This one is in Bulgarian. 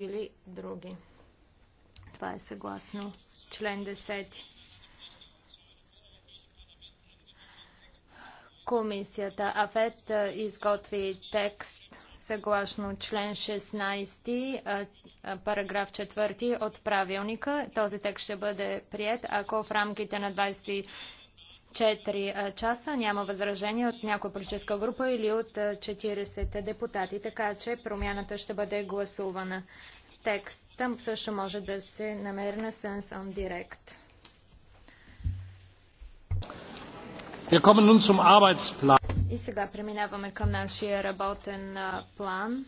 или други. Това е съгласно член 10. Комисията АФЕТ изготви текст съгласно член 16, параграф 4 от правилника. Този текст ще бъде прият, ако в рамките на 20 4 часа. Няма възражение от някоя политическа група или от 40 депутати, така че промяната ще бъде гласувана. Текст там също може да се намери на Sense on Direct. И сега преминаваме към нашия работен план.